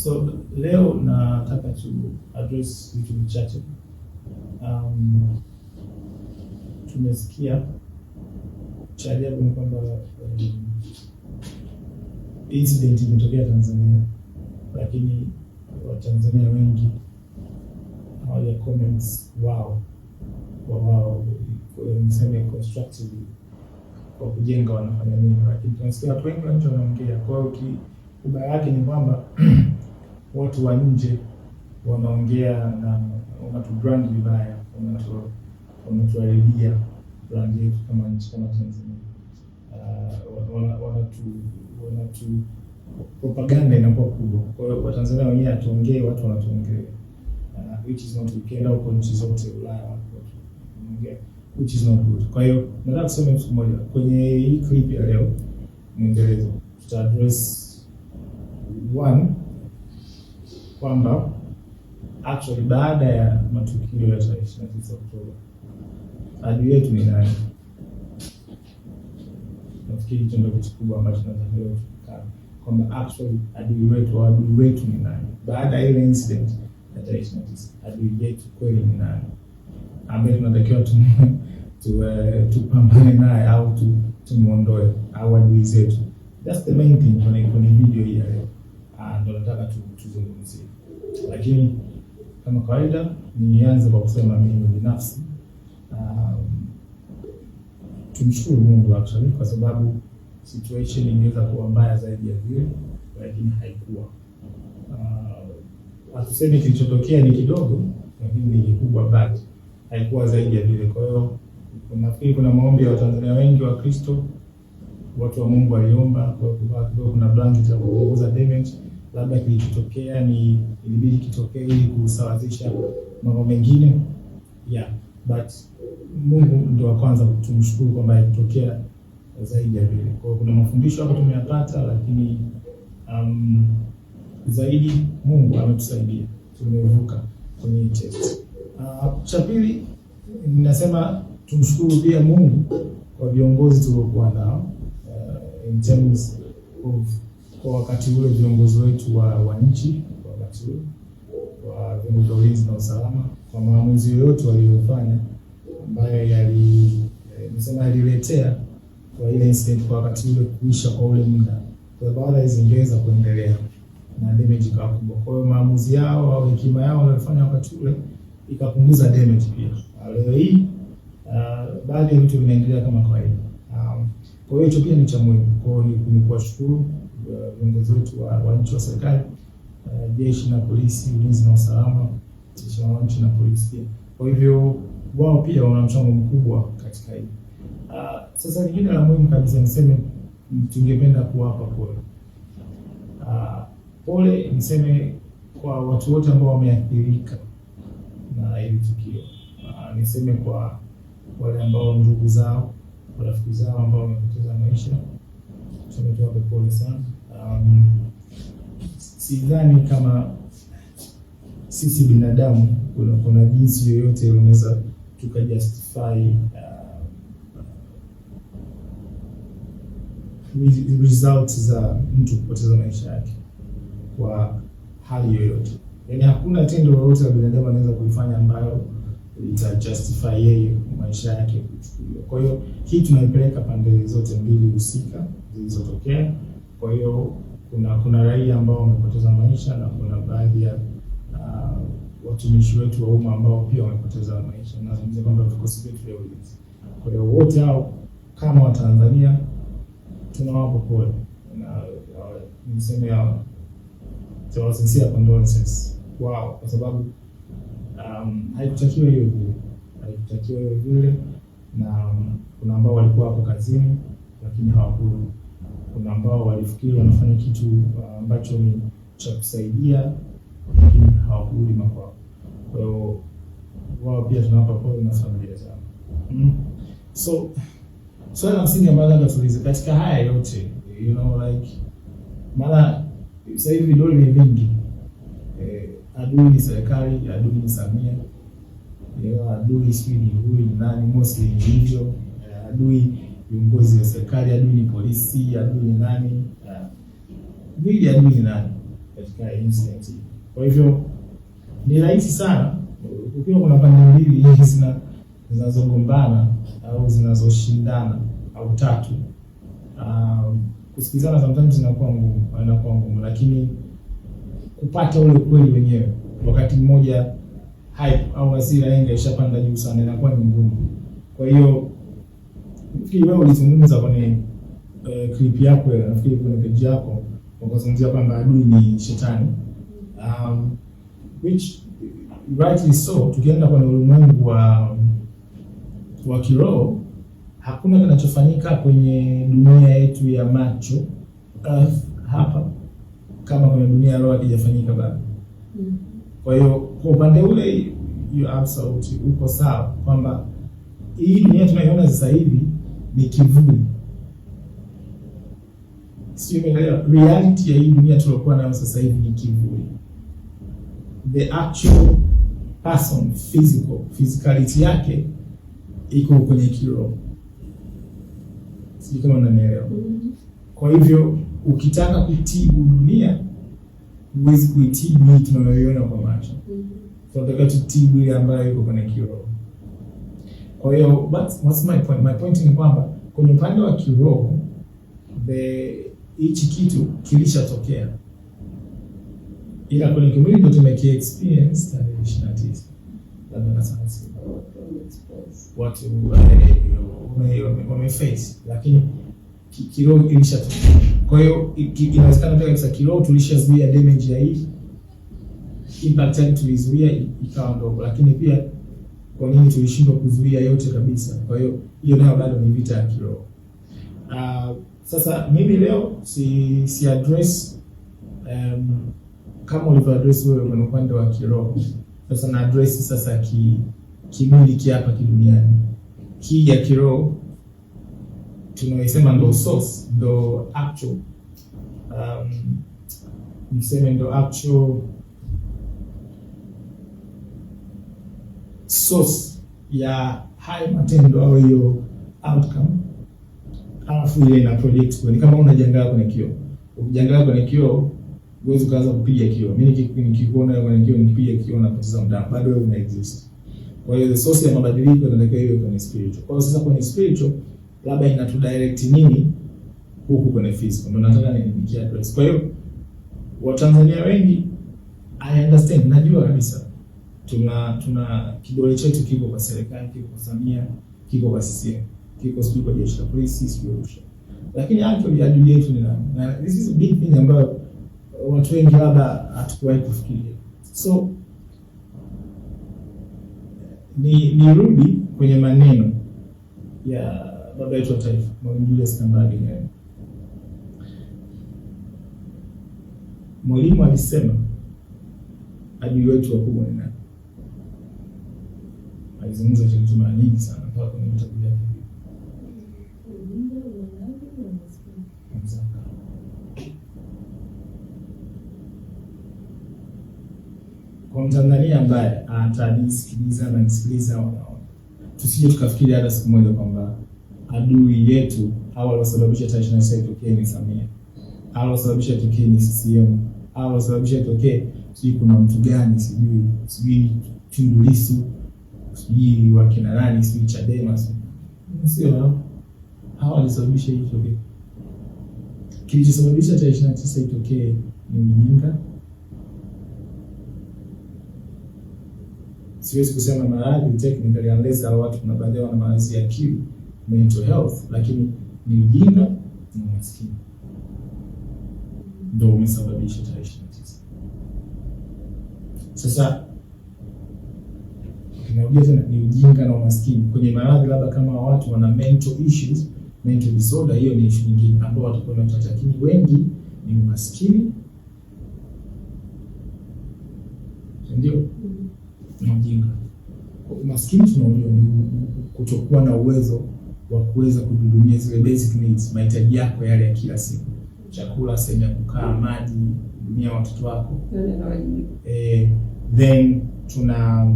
So leo nataka tu address vitu vichache. Um, tumesikia cha ajabu ni kwamba um, incident imetokea Tanzania, lakini Watanzania wengi hawaja comments wao kwa wao, niseme constructively kwa kujenga wanafanya nini, lakini tunasikia watu wengi wanaongea. Kwa hiyo yake ni kwamba watu wa nje wanaongea na brand vibaya, wanatuharibia brand yetu kama nchi kama Tanzania. Uh, wanatu wanatu propaganda inakuwa kubwa. Kwa hiyo kwa Tanzania wenyewe hatuongee, watu wanatuongea uh, which is not ukienda huko nchi zote Ulaya wanaongea which is not good. Kwa hiyo nataka kusema kitu kimoja kwenye hii clip ya leo Mwingereza tuta address one kwamba actually baada ya matukio ya tarehe 29 Oktoba adui yetu ni nani? Nafikiri hicho ndio kitu kubwa ambacho tunatakiwa tukaa kwamba actually adui wetu adui wetu ni nani? Baada ya ile incident ya tarehe 29 adui yetu kweli ni nani ambaye tunatakiwa tu tu eh, tupambane naye au tu tumuondoe au adui zetu. That's the main thing kwenye video hii ya leo, ah, ndio nataka tuzungumzie. Lakini kama kawaida, nianze kwa kusema mimi binafsi um, tumshukuru Mungu actually kwa sababu situation ingeweza kuwa mbaya zaidi ya vile, lakini haikuwa. Uh, hatusemi kilichotokea ni kidogo, lakini ni kikubwa, but haikuwa zaidi ya vile. Kwa hiyo nafikiri kuna maombi ya Watanzania wengi wa Kristo, watu wa Mungu waliomba kwa kidogo, kuna blanket ya kupunguza damage labda kilichotokea ni ilibidi kitokee ili kusawazisha mambo mengine yeah, but Mungu ndio wa kwanza tumshukuru kwamba ilitokea zaidi ya vile. Kwa kuna mafundisho hapo tumeyapata, lakini um, zaidi Mungu ametusaidia tumevuka kwenye test. Uh, cha pili ninasema tumshukuru pia Mungu kwa viongozi tuliokuwa nao uh, in terms of kwa wakati ule viongozi wetu wa, wa nchi kwa wakati ule wa vyombo vya ulinzi na usalama kwa maamuzi yoyote waliyofanya ambayo yali eh, nisema yaliletea kwa ile incident kwa wakati ule kuisha kwa ule muda, kwa baada zingeweza kuendelea na damage ikawa kubwa. Kwa hiyo maamuzi yao au hekima yao walifanya wakati ule ikapunguza damage pia. Ah, leo hii uh, baadhi ya vitu vinaendelea kama kawaida. Um, kwa hiyo hicho pia ni cha muhimu. Kwa hiyo ni kuwashukuru Uh, viongozi wetu wa nchi wa serikali, uh, jeshi na polisi, ulinzi na usalama, jeshi la wananchi na polisi pia. Kwa hivyo wao pia wana mchango mkubwa katika hili. Uh, sasa lingine la muhimu kabisa niseme, tungependa kuwapa pole uh, pole niseme kwa watu wote ambao wameathirika na hili tukio uh, niseme kwa wale ambao ndugu zao, marafiki zao ambao wamepoteza maisha, tumetoa pole sana um, sidhani kama sisi binadamu kuna, kuna jinsi yoyote unaweza tukajustify uh, results za mtu kupoteza maisha yake kwa hali yoyote. Yaani hakuna tendo lolote la binadamu anaweza kuifanya ambayo justify yeye maisha yake kuchukuliwa. Kwa hiyo hii tunaipeleka pande zote mbili husika zilizotokea. Kwa hiyo kuna kuna raia ambao wamepoteza maisha na kuna baadhi ya uh, watumishi wetu wa umma ambao pia wamepoteza maisha, nazungumzia kwamba vikosi vyetu vya ulinzi. Kwa hiyo wote hao kama Watanzania tunawapa pole na uh, niseme uh, sincere condolences wao kwa sababu um, haikutakiwa hiyo vile, haikutakiwa hiyo vile, na kuna ambao walikuwa hapo kazini lakini hawaku kuna ambao walifikiri wanafanya kitu uh, ambacho ni cha kusaidia, lakini hawakurudi makwao. Kwa hiyo wao pia tunawapa pole na familia zao. Mm. So swali la msingi ambayo nataka tuulize katika haya yote, you know like mara sasa hivi vidole ni vingi eh, adui ni serikali, adui ni Samia eh, adui sijui ni huyu ni nani, mostly hivyo eh, adui viongozi wa serikali, adui ni polisi, adui ni nani, dhidi ya adui ni nani katika incident. Kwa hivyo ni rahisi sana ukiwa kuna pande mbili hizi zinazogombana au zinazoshindana au tatu, um, kusikilizana sometimes inakuwa ngumu, inakuwa ngumu, lakini kupata ule ukweli wenyewe wakati mmoja hype au hasira yenge ishapanda juu sana, inakuwa ni ngumu. Kwa hiyo Nafikiri wewe ulizungumza kwenye eh, clip yako nafikiri kwenye page yako ukazungumzia kwamba adui ni shetani. Um, which rightly so, tukienda kwenye ulimwengu wa wa kiroho hakuna kinachofanyika kwenye dunia yetu ya macho earth, hapa kama kwenye dunia ya roho hakijafanyika bado. Mm. Kwa hiyo kwa upande ule you absolutely uko sawa kwamba hii dunia tunaiona sasa hivi ni kivuli, sio? Umeelewa? Reality ya hii dunia tuliokuwa nayo sasa hivi ni kivuli. The actual person physical physicality yake iko kwenye kiroho, sio? Kama unanielewa. Mm-hmm. Kwa hivyo ukitaka kutibu dunia huwezi kuitibu hii tunayoiona kwa macho, mm-hmm. tunatakiwa tutibu ile ambayo iko kwenye kiroho. Kwa hiyo what's, what's my point? My point ni kwamba kwenye upande wa kiroho hichi kitu kilishatokea, ila kwenye kimwili ndio tumeki experience tarehe 29 labda na sasa watu wameface, lakini kiroho kilishatokea Kwa hiyo inawezekana pia kabisa kiroho tulishazuia damage ya hii impact, tulizuia ikawa ndogo, lakini pia kwa nini tulishindwa kuzuia yote kabisa? Kwa hiyo hiyo nayo bado ni vita ya kiroho. Uh, sasa mimi leo si, si address um, kama ulivyo address wewe kwenye upande wa kiroho, sasa na address sasa ki kimwili ki hapa kiduniani. Hii ya kiroho tunaoisema ndo source ndo actual um, mseme ndo actual source ya haya matendo au hiyo outcome, alafu ile ina project kwa, ni kama unajiangalia kwenye kioo. Ukijiangalia kwenye kioo huwezi ukaanza kupiga kioo. Mimi nikikuona kwenye kioo nikipiga kioo napoteza muda, bado wewe una exist. Kwa hiyo the source ya mabadiliko inatakiwa hiyo kwenye spiritual. Kwa hiyo sasa kwenye spiritual labda inatu direct nini huku kwenye physical, ndio nataka nifikie address. Kwa hiyo Watanzania wengi I understand, najua kabisa tuna tuna kidole chetu kiko kwa serikali, kiko kwa Samia, kiko kwa CCM, kiko sijui kwa jeshi la polisi, sijui Arusha, lakini actually adui yetu ni nani? Na this is a big thing ambayo watu wengi labda hatukuwahi kufikiria. So ni nirudi kwenye maneno ya baba yetu wa taifa Mwalimu Julius Kambarage Nyerere. Mwalimu alisema adui wetu wakubwa ni nani? alizungumza kitu mara nyingi sana mpaka kwenye vitabu vyake. Kwa Mtanzania ambaye atanisikiliza na nisikiliza, tusije tukafikiri hata siku moja kwamba adui yetu au alosababisha tarehe ishirini na sita itokee ni Samia, au alosababisha itokee ni CCM, au alosababisha itokee sijui kuna mtu gani, sijui sijui Tundu Lissu sijui wakina nani, sijui Chadema, sio hawa walisababisha hii itokee. Kilichosababisha tarehe ishirini na tisa itokee ni mjinga, siwezi kusema maradhi technically unless hao watu kuna baadhi wana maradhi ya akili mental health, lakini ni ujinga na umaskini ndio umesababisha tarehe ishirini na tisa sasa Ninarudia ujeza ni ujinga na umaskini. Kwenye maradhi labda kama watu wana mental issues, mental disorder, hiyo ni issue nyingine ambao watakuwa wanatata, lakini wengi ni umaskini, ndio na ujinga. Kwa Umaskini tunaujua ni kutokuwa na uwezo wa kuweza kuhudumia zile basic needs, mahitaji yako yale ya kila siku, chakula, sehemu ya kukaa, maji, kuhudumia watoto wako eh, then tuna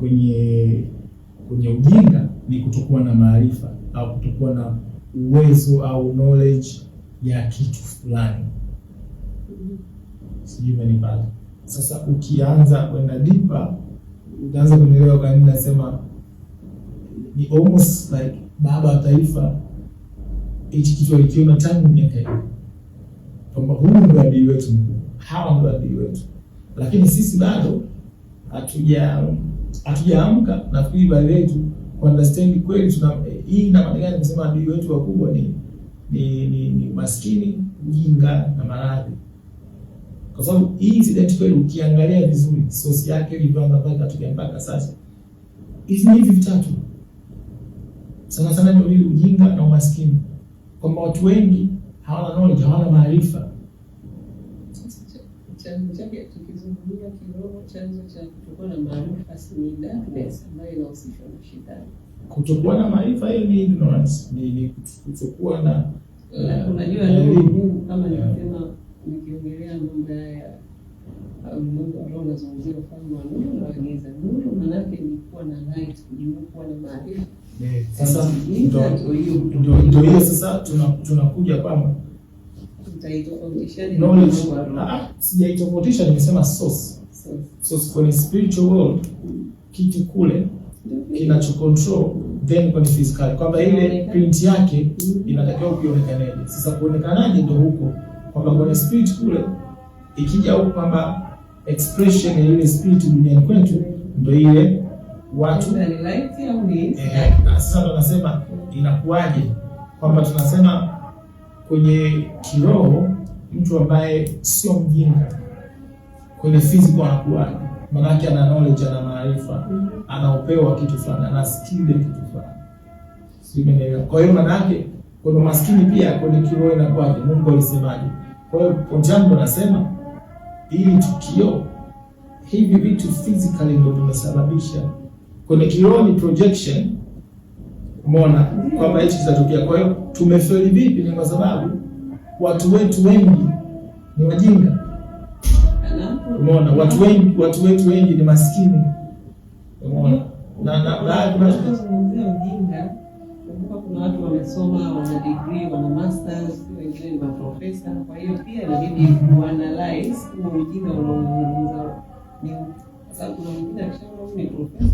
kwenye kwenye ujinga ni kutokuwa na maarifa au kutokuwa na uwezo au knowledge ya kitu fulani. Sijui umenipata? Sasa ukianza kwenda dipa, utaanza kunielewa kwa nini nasema ni almost like baba wa taifa hichi kitu alikiona tangu miaka hiyo, kwamba huu ndio adili wetu mkuu, hawa ndio adili wetu, lakini sisi bado hatuja akijaamka nafikiri baadhi yetu understand kweli tuna eh, hii ina maana gani kusema adui wetu wakubwa ni ni ni, ni maskini, ujinga na maradhi. Kwa sababu hii incident kweli ukiangalia vizuri source yake ilivyoanza mpaka tukia mpaka sasa. Hizi ni hivi vitatu. Sana sana ndio hili ujinga na umaskini. Kwamba watu wengi hawana knowledge, hawana maarifa. Chanzo chake tunazungumza kiroho, chanzo cha kutokuwa na maarifa ni darkness ambayo inahusishwa na shetani. Kutokuwa na maarifa hiyo ni ignorance, ni kutokuwa na eh, eh, unajua, ndio kama nilisema nikiongelea mambo ya wa ah, ambao unazungumzia mfano wa nuru na giza. Nuru maana yake ni kuwa na light, kujua kuwa na maarifa. Sasa ndio hiyo, sasa tunakuja kwamba knowledge. Sijaitofautisha, nimesema source. Source kwenye spiritual world kitu kule kinacho control then kwenye physical, kwamba ile print yake mm-hmm. inatakiwa kuonekanaje. Sasa kuonekanaje ndio huko, kwamba kwenye spirit kule ikija huko, kwamba expression ya ile spirit duniani kwetu ndio ile watu eh, sasa, ndo nasema inakuwaje, kwamba tunasema kwenye kiroho, mtu ambaye sio mjinga kwenye physical anakuwa manake, ana knowledge, ana maarifa, mm-hmm. anaopewa kitu fulani, ana skill ya kitu fulani, sio mwenyewe. Kwa hiyo manake kuna maskini pia kwenye kiroho inakuwaje, Mungu alisemaje? Kwa hiyo pointi anasema ili tukio hivi vitu physically ndio vimesababisha kwenye kiroho ni projection Umeona kwamba hichi kitatokea. Kwa hiyo tumefeli vipi? Ni kwa sababu watu wetu wengi ni wajinga. Umeona watu wengi, watu wetu wengi ni maskini. Umeona na na baadhi ya ujinga kuna watu wamesoma, wana degree, wana masters, wengine ni maprofesa. Kwa hiyo pia inabidi kuanalyze huo ujinga unaozungumza, ni sababu kuna mwingine akishakuwa ni profesa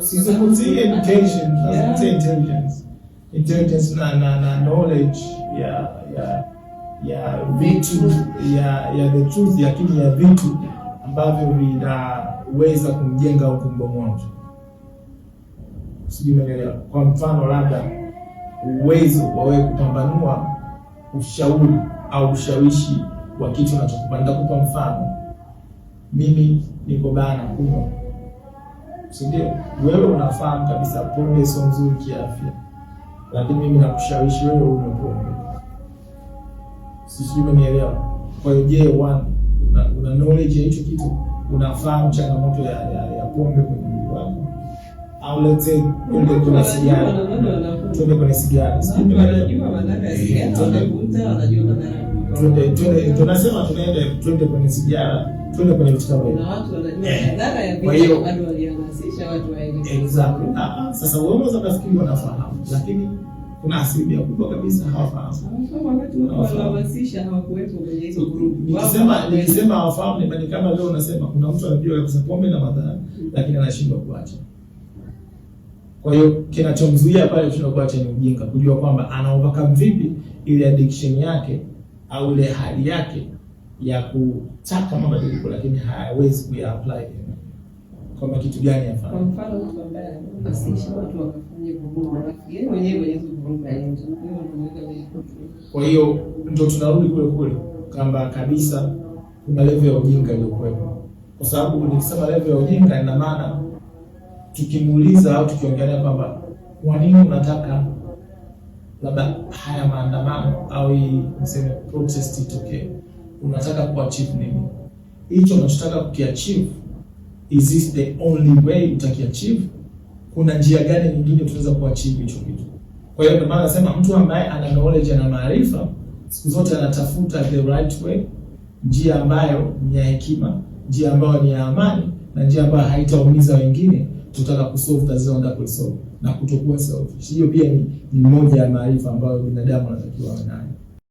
sizungumzie intelligence intelligence na na na knowledge ya ya ya vitu ya ya the truth, lakini ya vitu ambavyo vinaweza kumjenga au kumbomoa. Sijui umeelewa? Kwa mfano labda uwezo wa wewe kupambanua ushauri au ushawishi wa kitu unachokupa. Nitakupa mfano, mimi niko bana humo, si ndio? Wewe unafahamu kabisa pombe sio nzuri kiafya, lakini mimi nakushawishi wewe unywe pombe, sijui umenielewa? Kwa hiyo je, una, una knowledge ya hicho kitu? Unafahamu changamoto ya, ya, ya pombe kwenye mwili wako au let's say kuna sigara tuende kwenye sigara. Tunasema tunaenda tuende kwenye sigara, tuende kwenye eh. vitu kama hivyo. Kwa hiyo ah, ah, sasa wewe unaweza kufikiri wanafahamu, lakini kuna asilimia kubwa kabisa hawafahamu. Nikisema hawafahamu ni kama leo unasema kuna mtu anajua kabisa pombe na madhara, lakini anashindwa kuacha. Kwa hiyo kinachomzuia pale tunakuwa chenye ujinga, kujua kwamba ana overcome vipi ile addiction yake au ile hali yake ya kutaka mabadiliko lakini hayawezi hawezi kuyaapply kwamba kitu gani afanye. Kwa mfano mtu ambaye anahamasisha watu wakafanye vurugu, yeye mwenyewe mwenye vurugu ya Kwa hiyo ndio tunarudi kule kule kwamba kabisa kuna level ya ujinga iliyokuwepo, kwa sababu nikisema level ya ujinga ina maana tukimuuliza au tukiongelea kwamba kwa nini unataka labda haya maandamano au niseme protest itokee, unataka kuachieve nini? Hicho unachotaka kukiachieve, is this the only way utakiachieve? Kuna njia gani nyingine tunaweza kuachieve hicho kitu? Kwa hiyo ndio maana nasema mtu ambaye ana knowledge na maarifa siku zote anatafuta the right way, njia ambayo ni ya hekima, njia ambayo ni ya amani na njia ambayo haitaumiza wengine tutaka kusolve tatizo nataka kulisolve na kutokuwa selfish. Hiyo pia ni, ni moja ya maarifa ambayo binadamu anatakiwa nayo.